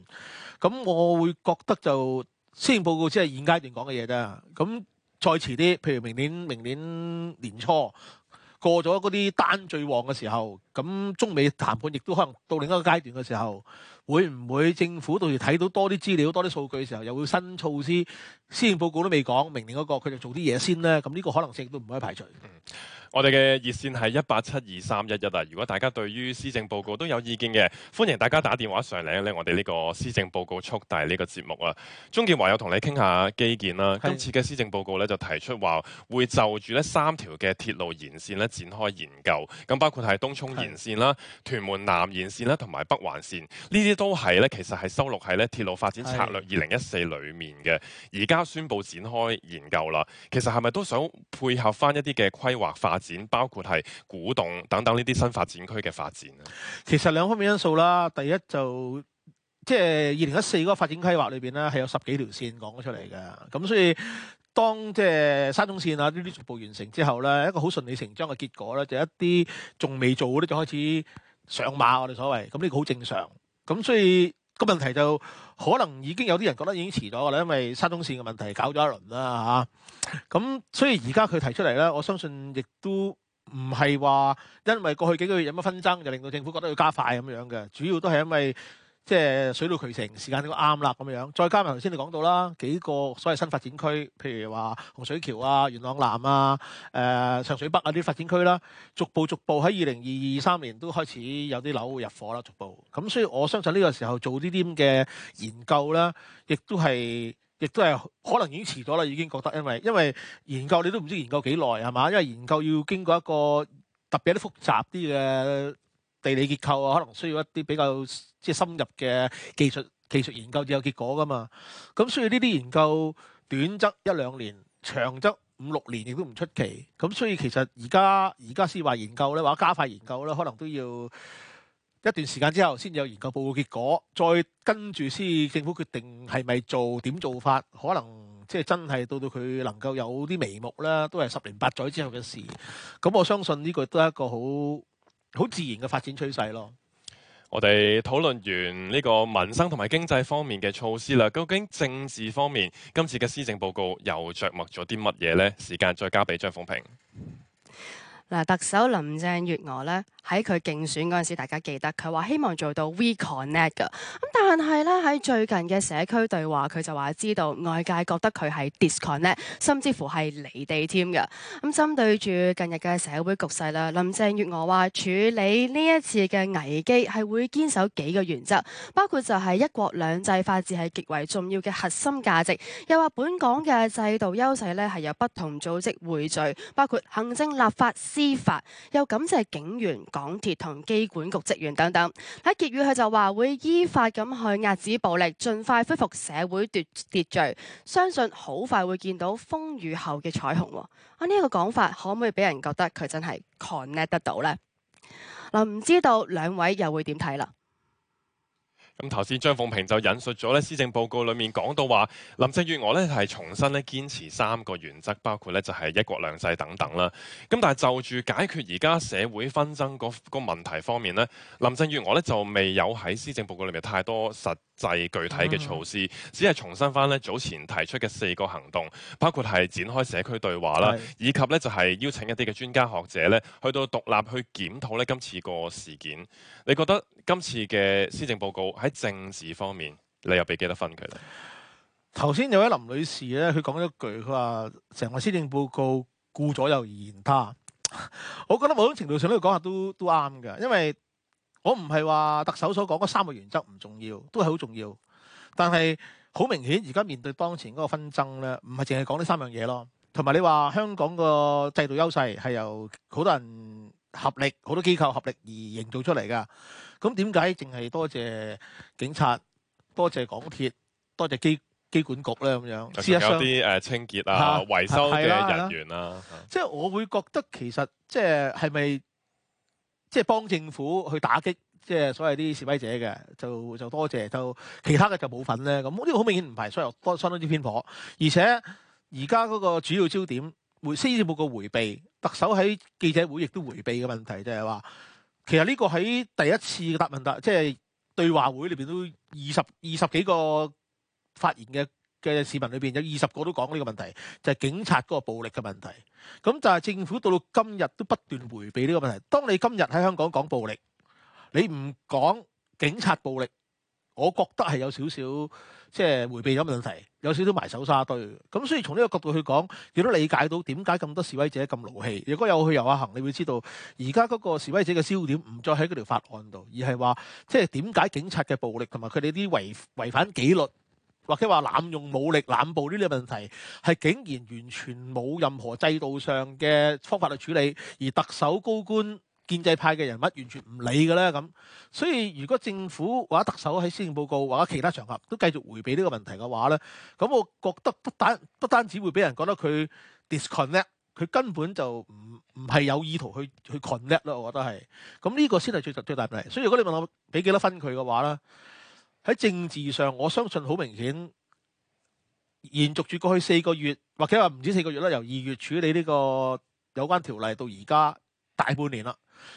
咁我會覺得就施政報告只係現階段講嘅嘢啫。咁再遲啲，譬如明年、明年年初過咗嗰啲單最旺嘅時候，咁中美談判亦都可能到另一個階段嘅時候。會唔會政府到時睇到多啲資料、多啲數據嘅時候，又會新措施？施政報告都未講，明年嗰、嗰個佢就做啲嘢先呢。咁呢個可能性都唔可以排除。嗯，我哋嘅熱線係一八七二三一一啊。如果大家對於施政報告都有意見嘅，歡迎大家打電話上嚟呢。我哋呢個施政報告速遞呢個節目啊。鍾建華有同你傾下基建啦。今次嘅施政報告呢，就提出話會就住呢三條嘅鐵路沿線呢展開研究。咁包括係東涌沿線啦、的屯門南沿線啦、同埋北環線呢啲。都係咧，其實係收錄喺咧鐵路發展策略二零一四裏面嘅。而家是的 宣布展開研究啦，其實係咪都想配合返一啲嘅規劃發展，包括係古洞等等呢啲新發展區嘅發展咧？其實兩方面因素啦，第一就即係二零一四嗰個發展規劃裏邊咧，係有十幾條線講咗出嚟嘅。咁所以當即係沙中線啊，呢啲逐步完成之後咧，一個好順理成章嘅結果咧，就一啲仲未做嗰啲就開始上馬，我哋所謂咁呢個好正常。咁所以個問題就可能已經有啲人覺得已經遲咗啦，因為沙中線嘅問題搞咗一輪啦嚇。咁所以而家佢提出嚟咧，我相信亦都唔係話因為過去幾個月有乜紛爭，就令到政府覺得要加快咁樣嘅，主要都係因為。即係水到渠成，時間應該啱啦咁樣再加埋頭先你講到啦，幾個所謂新發展區，譬如話洪水橋啊、元朗南啊、誒、呃、上水北啊啲發展區啦、啊，逐步逐步喺二零二二三年都開始有啲樓入伙啦，逐步。咁所以我相信呢個時候做呢啲咁嘅研究啦，亦都係亦都係可能已經遲咗啦，已經覺得，因為因為研究你都唔知研究幾耐係嘛，因為研究要經過一個特別啲複雜啲嘅。地理結構啊，可能需要一啲比較即係深入嘅技術技術研究先有結果㗎嘛。咁所以呢啲研究短則一兩年，長則五六年亦都唔出奇。咁所以其實而家而家先話研究呢，或者加快研究呢，可能都要一段時間之後先有研究報告結果，再跟住先政府決定係咪做點做法。可能即係真係到到佢能夠有啲眉目啦，都係十年八載之後嘅事。咁我相信呢個都係一個好好自然嘅發展趨勢咯。我哋討論完呢個民生同埋經濟方面嘅措施啦，究竟政治方面，今次嘅施政報告又着墨咗啲乜嘢呢？時間再交俾張鳳平。特首林鄭月娥呢，喺佢競選嗰陣時，大家記得佢話希望做到 We Connect 噶，咁但係呢，喺最近嘅社區對話，佢就話知道外界覺得佢係 disconnect，甚至乎係離地添嘅。咁針對住近日嘅社會局勢咧，林鄭月娥話處理呢一次嘅危機係會堅守幾個原則，包括就係一國兩制、法治係極為重要嘅核心價值，又話本港嘅制度優勢呢係由不同組織匯聚，包括行政、立法、C、司。依法又感謝警員、港鐵同機管局職員等等。喺結語，佢就話會依法咁去壓止暴力，盡快恢復社會秩序，相信好快會見到風雨後嘅彩虹喎。啊，呢一個講法可唔可以俾人覺得佢真係 connect 得到呢？嗱，唔知道兩位又會點睇啦？咁頭先張鳳平就引述咗咧，施政報告裡面講到話，林鄭月娥呢係重新咧堅持三個原則，包括呢就係一國兩制等等啦。咁但係就住解決而家社會紛爭嗰個問題方面呢，林鄭月娥呢就未有喺施政報告裡面太多實際具體嘅措施，只係重申翻呢早前提出嘅四個行動，包括係展開社區對話啦，以及呢就係邀請一啲嘅專家學者呢去到獨立去檢討呢今次個事件。你覺得今次嘅施政報告？喺政治方面，你又俾幾多分佢咧？頭先有一位林女士咧，佢講一句，佢話成個施政報告顧左右而言他。 我覺得某種程度上呢句講話都都啱㗎，因為我唔係話特首所講嗰三個原則唔重要，都係好重要。但係好明顯，而家面對當前嗰個紛爭咧，唔係淨係講呢三樣嘢咯。同埋你話香港個制度優勢係由好多人，合力好多機構合力而營造出嚟噶，咁點解淨係多謝警察、多謝港鐵、多謝機機管局咧咁樣？仲有啲誒清潔啊、啊維修嘅人員啊，即係我會覺得其實即係係咪即係幫政府去打擊即係所謂啲示威者嘅，就就多謝，就其他嘅就冇份咧。咁呢個好明顯唔係所有多相當之偏頗，而且而家嗰個主要焦點回施政報告嘅迴避，特首喺記者會亦都迴避嘅問題，就係話其實呢個喺第一次嘅答問題，即係對話會裏邊都二十二十幾個發言嘅嘅市民裏邊，有二十個都講呢個問題，就係警察嗰個暴力嘅問題。咁但係政府到到今日都不斷迴避呢個問題。當你今日喺香港講暴力，你唔講警察暴力，我覺得係有少少。即係回避咗問題，有少少埋手沙堆咁。所以從呢個角度去講，亦都理解到點解咁多示威者咁勞氣。如果有去遊下行，你會知道而家嗰個示威者嘅焦點唔再喺嗰條法案度，而係話即係點解警察嘅暴力同埋佢哋啲違違反紀律，或者話濫用武力濫捕，呢啲問題係竟然完全冇任何制度上嘅方法去處理，而特首高官。建制派嘅人物完全唔理嘅啦。咁，所以如果政府或者特首喺施政報告或者其他場合都繼續回避呢個問題嘅話，咧，咁我覺得不單不單止會俾人覺得佢 disconnect，佢根本就唔唔係有意圖去去 connect 咯，我覺得係咁呢個先係最最大問題。所以如果你問我俾幾多分佢嘅話，咧，喺政治上我相信好明顯延續住過去四個月或者話唔止四個月啦，由二月處理呢個有關條例到而家大半年啦。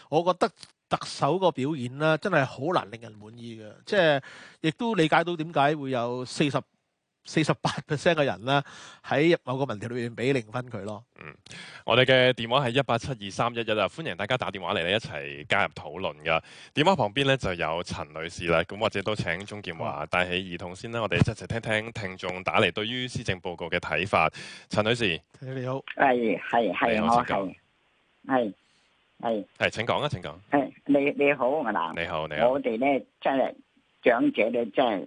我覺得特首個表現咧，真係好難令人滿意嘅，即係亦都理解到點解會有四十四十八 percent 嘅人咧喺某個民調裏面俾零分佢咯。嗯，我哋嘅電話係一八七二三一一啊，歡迎大家打電話嚟，一齊加入討論噶。電話旁邊呢就有陳女士啦，咁或者都請鍾建華帶起兒童先啦，我哋一齊聽聽聽聽聽眾打嚟對於施政報告嘅睇法。陳女士，你好。係係係，我係，係。係係是，請講啊，請講。誒，你你好，嗱你好，你好。我哋咧真係長者咧真係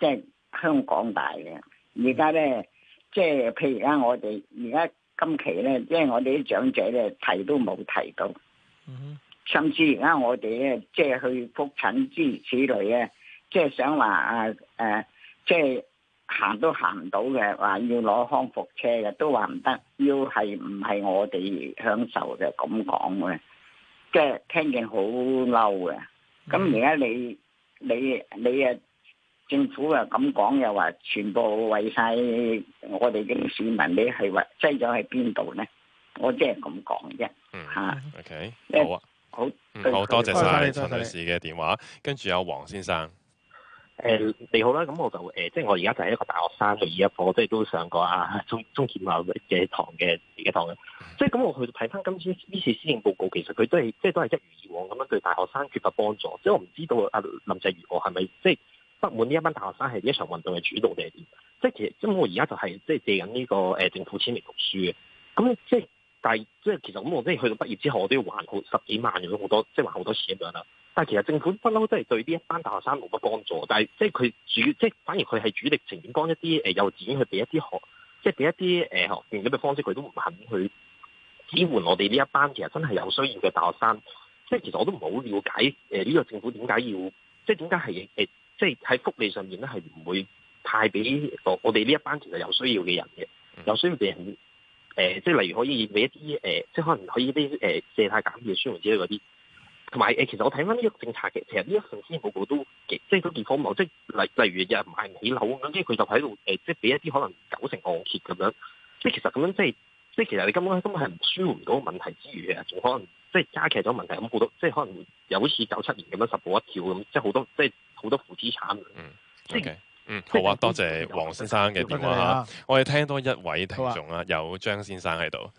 即係香港大嘅。而家咧即係譬如而家我哋而家今期咧、嗯，即係我哋啲長者咧提都冇提到。嗯。甚至而家我哋咧即係去復診之此類即係想話啊誒，即係、啊呃、行都行唔到嘅，話要攞康復車嘅，都話唔得。要係唔係我哋享受嘅咁講嘅。即係聽見好嬲嘅，咁而家你你你，你啊，政府啊咁講又話全部為晒我哋啲市民，你係話擠咗喺邊度咧？我即係咁講啫，吓、嗯。O、okay, K，、啊、好啊，好、嗯，好，他多謝晒陳女士嘅電話，跟住有黃先生。誒、呃、你好啦，咁我就誒、呃，即係我而家就係一個大學生去呢一科，即係都上過啊中中級啊嘅堂嘅自己堂嘅，嗯、即係咁我去睇翻今次呢次施政報告，其實佢都係即係都係一如以往咁樣對大學生缺乏幫助，即係我唔知道啊林鄭如何係咪即係不滿呢一班大學生係呢場運動嘅主導定係點？即係其實咁我而家就係、是、即係借緊呢、這個誒、呃、政府錢嚟讀書嘅，咁即係但係即係其實咁我即係去到畢業之後，我都要還好十幾萬咗好多，即係還好多錢咁樣啦。但係其實政府不嬲都係對呢一班大學生冇乜幫助，但係即係佢主，即係反而佢係主力，情願幫一啲幼稚園去俾一啲學，即係俾一啲誒學現金嘅方式，佢都唔肯去支援我哋呢一班其實真係有需要嘅大學生。即係其實我都唔係好了解誒呢個政府點解要，即係點解係誒，即係喺福利上面咧係唔會派俾我哋呢一班其實有需要嘅人嘅。有需要嘅人誒，即係例如可以俾一啲誒，即係可能可以啲誒借貸減免書之類嗰啲。同埋誒，其實我睇翻呢一個政策，其實呢一份施政報告都幾，即係都幾荒謬，即係例例如日人買起樓咁，跟住佢就喺度誒，即係俾一啲可能九成按揭咁樣。即係其實咁樣，即係即係其實你根本根本係舒緩唔到問題之餘，嘅，仲可能即係加劇咗問題，咁好多即係可能又好似九七年咁樣十步一跳咁，即係好多即係好多負資產。嗯以，OK，嗯好啊，多謝黃先生嘅電話。謝謝啊、我哋聽多一位聽眾啊，有張先生喺度。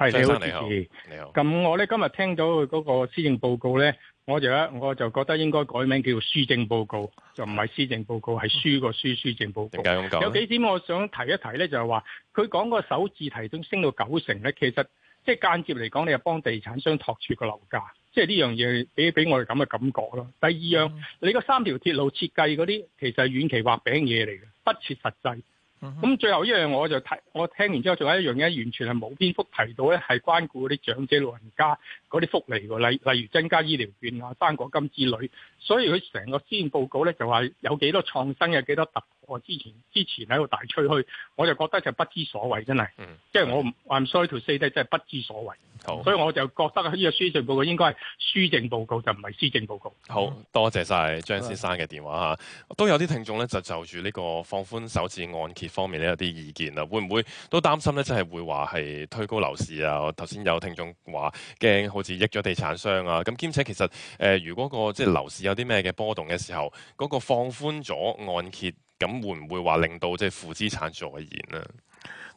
係你好，你好。咁我咧今日聽到佢嗰個施政報告咧，我就我就覺得應該改名叫做書政報告，就唔係施政報告，係、嗯、書個書書政報告。點解咁講？有幾點我想提一提咧，就係話佢講個首次提中升到九成咧，其實即係間接嚟講，你係幫地產商托住個樓價，即係呢樣嘢俾俾我哋咁嘅感覺咯。第二樣，嗯、你個三條鐵路設計嗰啲，其實遠期畫餅嘢嚟嘅，不切實際。咁、嗯、最後一樣，我就提，我聽完之後仲有一樣嘢，完全係冇篇幅提到咧，係關顧啲長者老人家。嗰啲福利喎，例例如增加醫療券啊、生果金之類，所以佢成個施政報告咧就話有幾多創新，有幾多突破，之前之前喺度大吹噓，我就覺得就不知所謂真係，即係、嗯、我唔的，I'm sorry to say 真係不知所謂好，所以我就覺得呢個施政報告應該係書政報告，就唔係施政報告。好多謝晒張先生嘅電話嚇，都的有啲聽眾咧就就住呢個放寬首次按揭方面咧有啲意見啦，會唔會都擔心咧？即係會話係推高樓市啊？我頭先有聽眾話驚。好似益咗地產商啊，咁兼且其實誒、呃，如果、嗰個即係、即係、樓市有啲咩嘅波動嘅時候，嗰、嗰個放寬咗按揭，咁會唔會話令到即係負資產再現咧？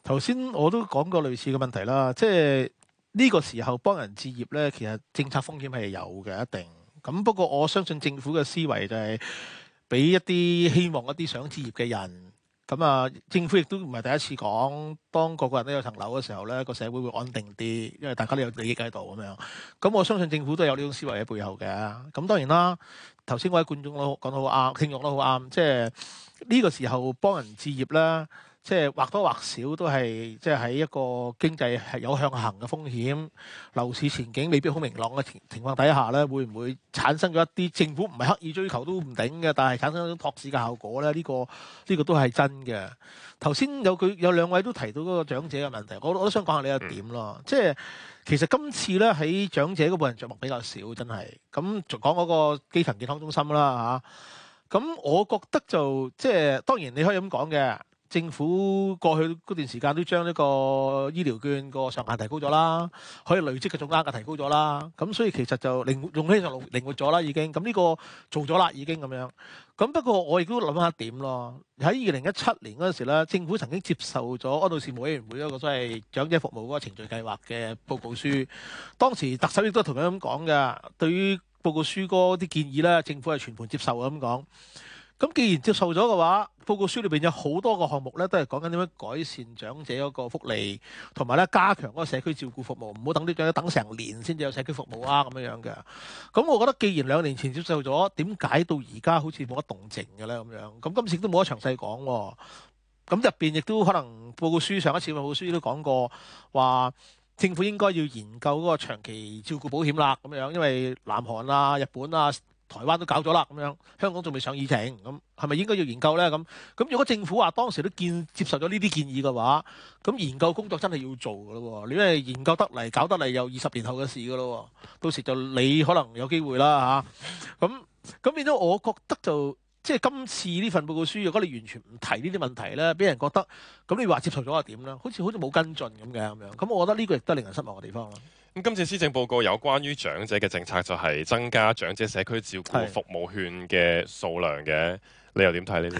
頭先我都講過類似嘅問題啦，即係呢個時候幫人置業呢，其實政策風險係有嘅，一定。咁不過我相信政府嘅思維就係俾一啲希望一啲想置業嘅人。咁啊，政府亦都唔係第一次講，當個個人都有層樓嘅時候咧，個社會會安定啲，因為大家都有利益喺度咁樣。咁我相信政府都有呢種思維喺背後嘅。咁當然啦，頭先位觀眾都講得好啱，聽用得好啱，即係呢個時候幫人置業啦。即係或多或少都係，即係喺一個經濟係有向行嘅風險、樓市前景未必好明朗嘅情情況底下咧，會唔會產生咗一啲政府唔係刻意追求都唔頂嘅，但係產生咗一種託市嘅效果咧？呢個呢個都係真嘅。頭先有佢有兩位都提到嗰個長者嘅問題，我我都想講下你一點咯。嗯、即係其實今次咧喺長者嗰部分著墨比較少，真係咁講嗰個基層健康中心啦嚇。咁、啊、我覺得就即係當然你可以咁講嘅。政府過去嗰段時間都將呢個醫療券個上限提高咗啦，可以累積嘅總額額提高咗啦，咁所以其實就靈活用起上靈活咗啦，已經咁呢個做咗啦，已經咁樣。咁不過我亦都諗下點咯。喺二零一七年嗰陣時咧，政府曾經接受咗安老事務委員會嗰個所謂長者服務嗰個程序計劃嘅報告書。當時特首亦都同樣咁講㗎，對於報告書嗰啲建議咧，政府係全盤接受咁講。咁既然接受咗嘅話，報告書裏邊有好多個項目咧，都係講緊點樣改善長者嗰個福利，同埋咧加強嗰個社區照顧服務，唔好等啲長者等成年先至有社區服務啊咁樣嘅。咁我覺得既然兩年前接受咗，點解到而家好似冇乜動靜嘅咧咁樣？咁今次都冇得詳細講喎。咁入邊亦都可能報告書上一次報告書都講過，話政府應該要研究嗰個長期照顧保險啦咁樣，因為南韓啊、日本啊。台灣都搞咗啦，咁樣香港仲未上議程，咁係咪應該要研究咧？咁咁如果政府話當時都見接受咗呢啲建議嘅話，咁研究工作真係要做㗎咯。你因為研究得嚟，搞得嚟有二十年後嘅事㗎咯。到時就你可能有機會啦嚇。咁、啊、咁變咗，我覺得就即係、就是、今次呢份報告書，如果你完全唔提呢啲問題咧，俾人覺得咁你話接受咗又點咧？好似好似冇跟進咁嘅咁樣。咁我覺得呢個亦都令人失望嘅地方啦。咁今次施政報告有關於長者嘅政策，就係增加長者社區照顧服務券嘅數量嘅，是的 你又點睇呢？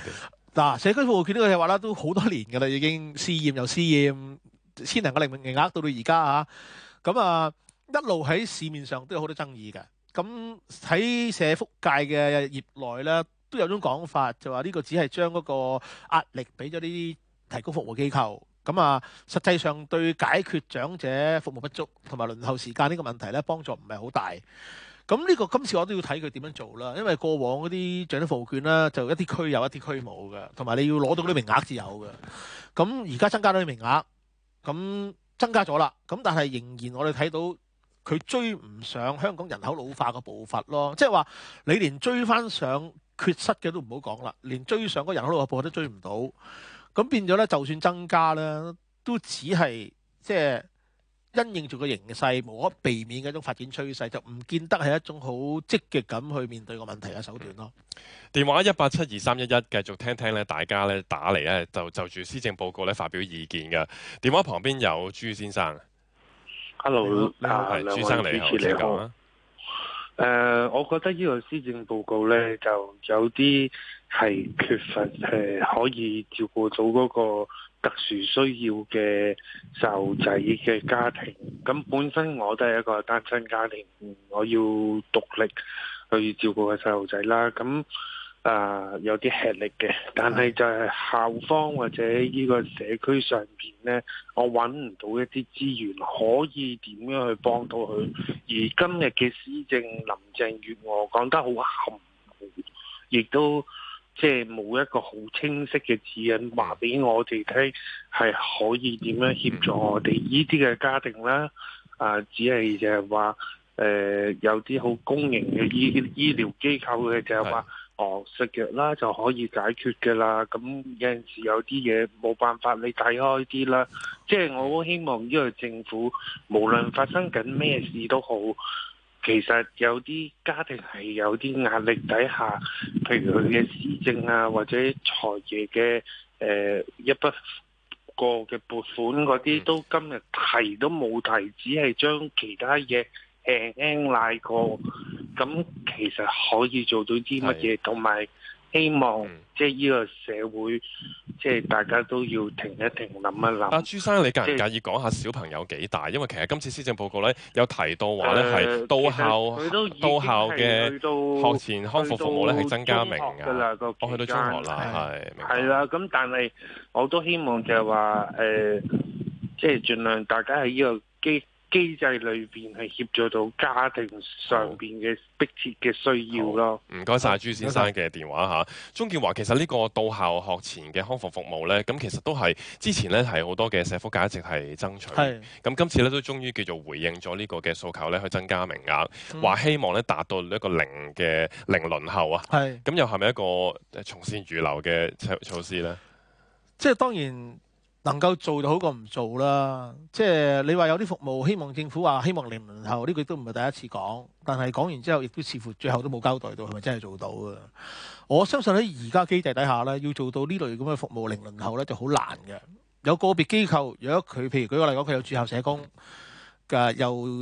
嗱，社區服務券呢個計劃啦，都好多年㗎啦，已經試驗又試驗，千零個名額到到而家啊，咁啊一路喺市面上都有好多爭議嘅。咁、啊、喺社福界嘅業內咧，都有一種講法，就話呢個只係將嗰個壓力俾咗啲提供服務機構。咁啊，實際上對解決長者服務不足同埋輪候時間呢個問題呢，幫助唔係好大。咁呢個今次我都要睇佢點樣做啦，因為過往嗰啲長者服務券呢，就一啲區有一啲區冇嘅，同埋你要攞到嗰啲名額先有嘅。咁而家增加咗啲名額，咁增加咗啦。咁但係仍然我哋睇到佢追唔上香港人口老化嘅步伐咯。即係話你連追翻上缺失嘅都唔好講啦，連追上嗰人口老化步伐都追唔到。咁變咗咧，就算增加咧，都只係即係因應住個形勢，無可避免嘅一種發展趨勢，就唔見得係一種好積極咁去面對個問題嘅手段咯。嗯。電話一八七二三一一，繼續聽聽咧，大家咧打嚟咧，就就住施政報告咧發表意見嘅。電話旁邊有朱先生。Hello，你好，係朱生你好，你好。誒，uh, 我覺得呢個施政報告呢，就有啲係缺乏係，可以照顧到嗰個特殊需要嘅細路仔嘅家庭，咁本身我都係一個單親家庭，我要獨立去照顧個細路仔啦。咁啊，uh, 有啲吃力嘅，但係就係校方或者呢個社區上邊呢，我揾唔到一啲資源可以點樣去幫到佢。而今日嘅施政林鄭月娥講得好含糊，亦都即係冇一個好清晰嘅指引，話俾我哋聽係可以點樣協助我哋呢啲嘅家庭啦啊，只係就係話。誒、呃，有啲好公營嘅醫醫療機構嘅就係話，的哦食藥啦就可以解決噶啦。咁有陣時有啲嘢冇辦法，你睇開啲啦。即係我好希望呢個政府，無論發生緊咩事都好，其實有啲家庭係有啲壓力底下，譬如佢嘅施政啊，或者財爺嘅誒一筆過嘅撥款嗰啲，都今日提都冇提，只係將其他嘢。輕輕拉過，咁其實可以做到啲乜嘢？同埋是希望即係呢個社會，即係、嗯、大家都要停一停，諗一諗。阿朱生，就是、你介唔介意講下小朋友幾大？因為其實今次施政報告咧，有提到話咧係到校、呃、到校嘅學前康復服,服務咧係增加明噶啦，我去到中學啦，係係啦。咁、哦、但係我都希望就係話誒，即、呃、係、就是、盡量大家喺呢個基。機制裏邊係協助到家庭上邊嘅迫切嘅需要咯。唔該晒朱先生嘅電話嚇。鍾建華，其實呢個到校學前嘅康復服務呢，咁其實都係之前呢係好多嘅社福界一直係爭取。咁是今次呢都終於叫做回應咗呢個嘅訴求呢，去增加名額，話、嗯、希望呢達到一個零嘅零輪候啊。咁是又係咪一個從善如流嘅措措施呢？即係當然。能夠做到好過唔做啦，即係你話有啲服務希望政府話希望零輪候呢句都唔係第一次講，但係講完之後亦都似乎最後都冇交代到係咪真係做到啊？我相信喺而家機制底下呢，要做到呢類咁嘅服務零輪候呢就好難嘅。有個別機構，如果佢譬如舉個例講，佢有駐校社工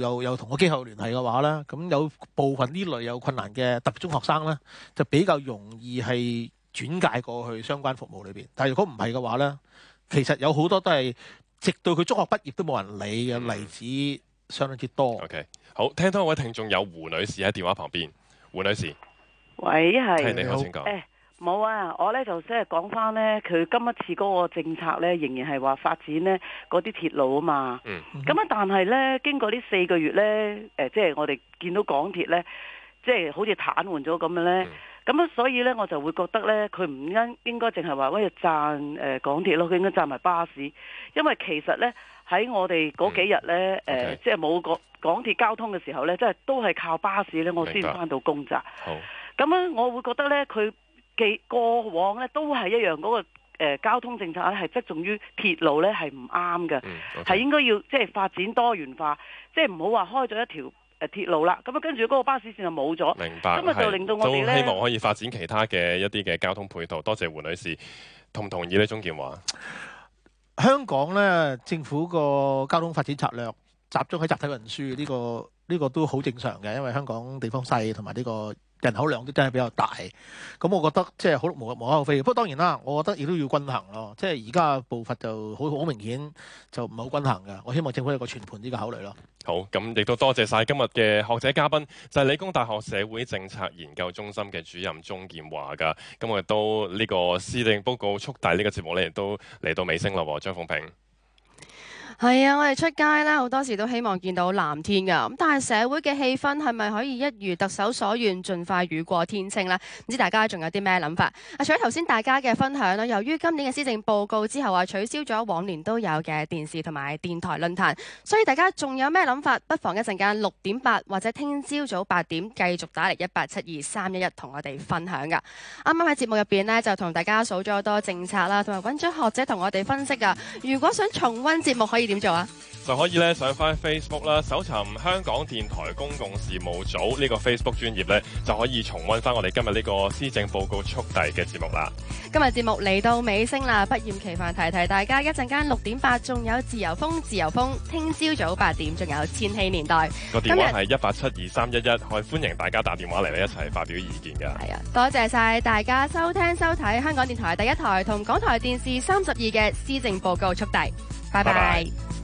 又又同個機構聯繫嘅話呢，咁有部分呢類有困難嘅特別中學生呢，就比較容易係轉介過去相關服務裏邊。但係如果唔係嘅話呢。其實有好多都係直到佢中學畢業都冇人理嘅例子，相當之多，嗯。OK，好，聽到我一位聽眾有胡女士喺電話旁邊，胡女士，喂，係你好，誒好，冇、欸、啊，我呢就即係講翻呢，佢今一次嗰個政策呢，仍然係話發展呢嗰啲鐵路啊嘛。咁啊、嗯，但係呢，經過呢四個月呢，誒、呃、即、就、係、是、我哋見到港鐵呢，即、就、係、是、好似癱瘓咗咁樣呢。嗯咁啊，所以咧，我就會覺得咧，佢唔應該說我、呃、港鐵應該淨係話喂讚誒港鐵咯，佢應該讚埋巴士，因為其實咧喺我哋嗰幾日咧誒，即係冇個港鐵交通嘅時候咧，即係都係靠巴士咧，我先翻到工宅。好，咁樣我會覺得咧，佢既過往咧都係一樣嗰、那個、呃、交通政策咧，係側重於鐵路咧係唔啱嘅，係、嗯 okay. 應該要即係發展多元化，即係唔好話開咗一條。誒鐵路啦，咁啊跟住嗰個巴士線就冇咗。明白，咁啊是就令到我希望可以發展其他嘅一啲嘅交通配套。多謝胡女士，同唔同意呢？鍾建華？香港咧政府個交通發展策略集中喺集體運輸呢個。呢個都好正常嘅，因為香港地方細，同埋呢個人口量都真係比較大。咁我覺得即係好無無可厚非。不過當然啦，我覺得亦都要均衡咯。即係而家步伐就好好明顯就唔係好均衡嘅。我希望政府有個全盤呢個考慮咯。好，咁亦都多謝晒今日嘅學者嘉賓，就係理工大學社會政策研究中心嘅主任鍾建華㗎。咁我亦都呢個施政報告速遞呢個節目咧，亦都嚟到尾聲啦，和張鳳平。係啊，我哋出街啦。好多時都希望見到藍天㗎。咁但係社會嘅氣氛係咪可以一如特首所願，盡快雨過天晴呢？唔知大家仲有啲咩諗法？啊，除咗頭先大家嘅分享啦，由於今年嘅施政報告之後啊，取消咗往年都有嘅電視同埋電台論壇，所以大家仲有咩諗法？不妨一陣間六點八或者聽朝早八點繼續打嚟一八七二三一一，同我哋分享㗎。啱啱喺節目入邊呢，就同大家數咗好多政策啦，同埋揾咗學者同我哋分析啊。如果想重溫節目，可以。可以點做啊？就可以咧上翻 Facebook 啦，搜尋香港電台公共事務組這個呢個 Facebook 專頁咧，就可以重温翻我哋今日呢個施政報告速遞嘅節目啦。今日節目嚟到尾聲啦，不厭其煩提提大家一陣間六點八，仲有自由風，自由風。聽朝早八點，仲有千禧年代個，天電話係一八七二三一一，可以歡迎大家打電話嚟，一齊發表意見嘅。係啊，多謝晒大家收聽收睇香港電台第一台同港台電視三十二嘅施政報告速遞。拜拜。